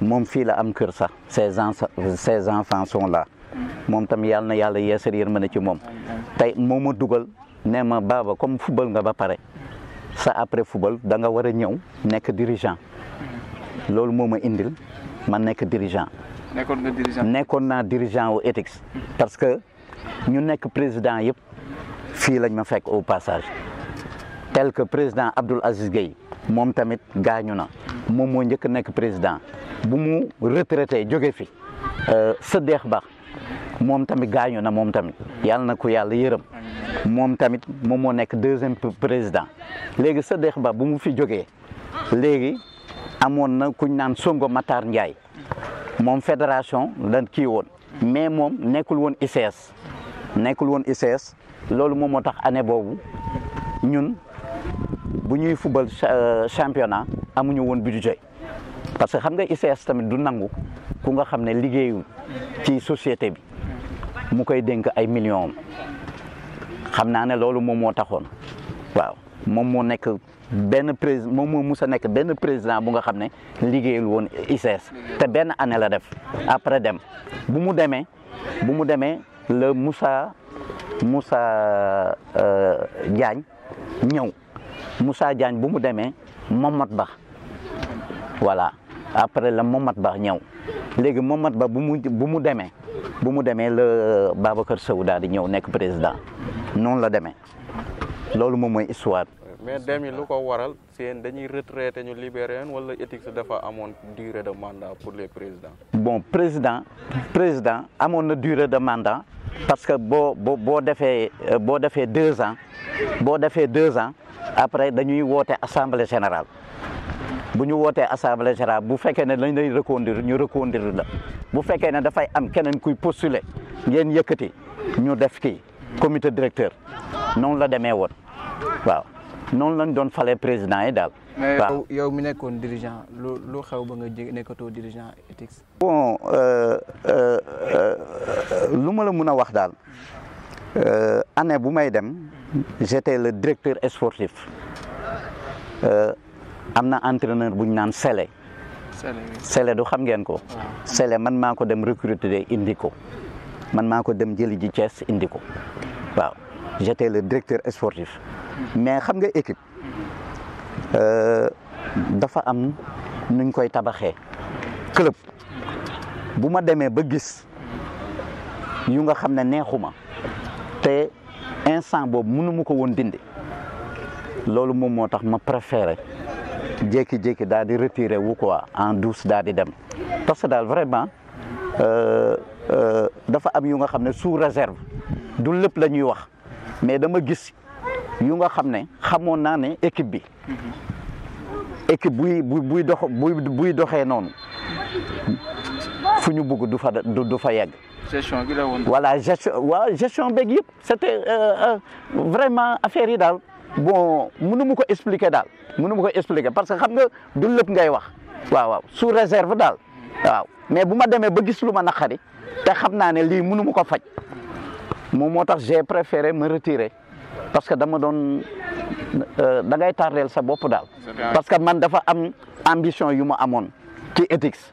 Mon fils la am kër sax ses ses enfants sont là moom tam yàlla na yàlla yeesal yërmande ci mon. tey mon mot dugal ne ma baba comme football nga ba pare Ça après football da nga war a ñëw dirigeant loolu moo ma indil ma que dirigeant. N'est nga dirigeant nekkoon naa dirigeant au ethics, parce que ñu que président yëpp fii lañ ma fekk au passage tel que président Abdoul Aziz Gueye mon tamit gaañu moom moo njëkk nekk président bu mu retraité joge fi euh, sa deex baax moom tamit gaañu na moom tamit yàlla na ko yàlla yërëm moom tamit moom moo nekk deuxième président léegi sa deex ba bu mu fi jógee léegi amoon na kuñ naan Songo Matar Ndiaye moom fédération lan kii woon mais moom nekkul woon ICS nekkul woon ICS loolu moom moo tax année boobu ñun bu ñuy football euh, championnat amuñu woon budget parce que xam nga ICS tamit du nangu ku nga xam ne liggéeyul ci société bi mu koy dénk ay millions xam naa ne loolu moom moo taxoon waaw moom moo nekk benn président moom moo nekk benn président bu nga xam ne liggéeyul woon ICS te benn année la def après dem bu mu demee bu mu demee la musa Moussa euh, Diagne ñëw Moussa Diagne bu mu demee Momat Ba voilà après la Momat Ba ñëw léegi Momat Ba bu mu bu mu demee bu mu demee le euh, Babacar Sow daal di ñëw nekk président noonu la demee loolu moom mooy histoire. mais dem lu ko waral seen dañuy retraité ñu libéré wala éthique dafa amoon durée de mandat pour les présidents. bon président président amoon na durée de mandat parce que boo boo boo defee euh, boo defee deux ans boo defee deux ans. après dañuy woote assemblée général bu ñu wootee assemblée générale bu fekkee ne lañ lay reconduire ñu reconduire la bu fekkee ne dafay am keneen kuy postuler ngeen yëkkati ñu def kii commité directeur noonu la demee woon waaw noonu lañ doon falee président yi daal. waaw yow mi nekkoon dirigeant lu lu xew ba nga jé nekkatoo dirigeant ETICS. bon euh, euh, euh, lu ma la mun a wax daal année bu may dem. j'étais le directeur sportif euh, am na entraîneur bu naan Sele. Sele du xam ngeen ko. Sele man maa ko dem recruter indi ko man maa ko dem jëli ji Thiès indi ko waaw j'étais le directeur sportif. mais xam nga équipe euh, dafa am nuñ koy tabaxee club bu ma demee ba gis yu nga xam ne neexuma te. instant boobu mënu mu ko woon dindi loolu moom moo tax ma préféré jékki-jékki daal di retiré wu quoi en douce daal di dem parce que daal vraiment euh, euh, dafa am yu nga xam ne sous réserve du lépp la ñuy wax mais dama gis yu nga xam ne xamoon naa ne équipe bi équipe buy buy dox buy buy doxee noonu fu ñu bugg du fa du fa yegg. gestion gi la won voilà gestion waaw gestion beeg yëpp c'était était euh, euh, vraiment affaire yi daal bon mënu mu ko expliquer daal mënu mu ko expliquer parce que xam nga du lepp ngay wax waaw waaw sous réserve daal waaw mais bu ma demee ba gis lu ma naqari te xam naa ne lii mënu mu ko faj moom moo tax j'ai préféré me retirer parce que dama doon euh, da ngay tardeel sa bopp daal. parce que man dafa am ambition yu ma amoon ci ethics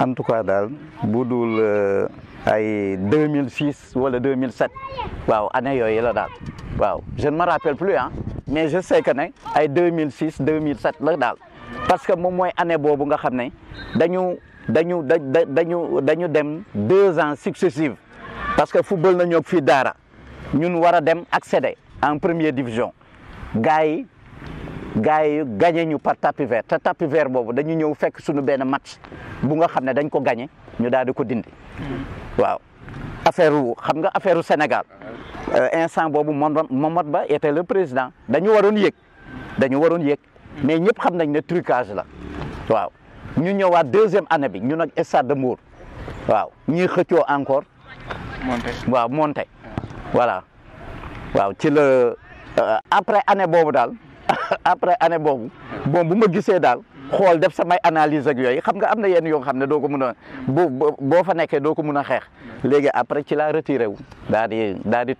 en tout cas dal, bu 2006 ou 2007 année je ne me rappelle plus hein, mais je sais que c'est 2006 2007 parce que moi, année nga deux ans successifs. parce que le football nañu pas fii ñun accéder en première division gars yi gagné ñu par tapis vert ta tapis vert bobu dañu ñëw fekk suñu ben match bu nga xamné dañ ko gagné ñu daal di ko dindi waaw affaire wu xam nga affaire u Sénégal euh, instant bobu Mamadou Ba était le président dañu waroon yek dañu waroon yek mais ñëpp xam nañ ne trucage la waaw ñu ñëwaat deuxième année bi ñu nag stade de Mbour waaw ñuy xëccoo encore waaw monté voilà waaw ci le euh, après année boobu daal après année boobu bon bu ma gisee daal xool def samay analyse ak yooyu xam ga am na yenn yoo xam ne doo ko mun a boo boo fa nekkee doo ko mun a xeex léegi après ci laa retiré wu daal di daal di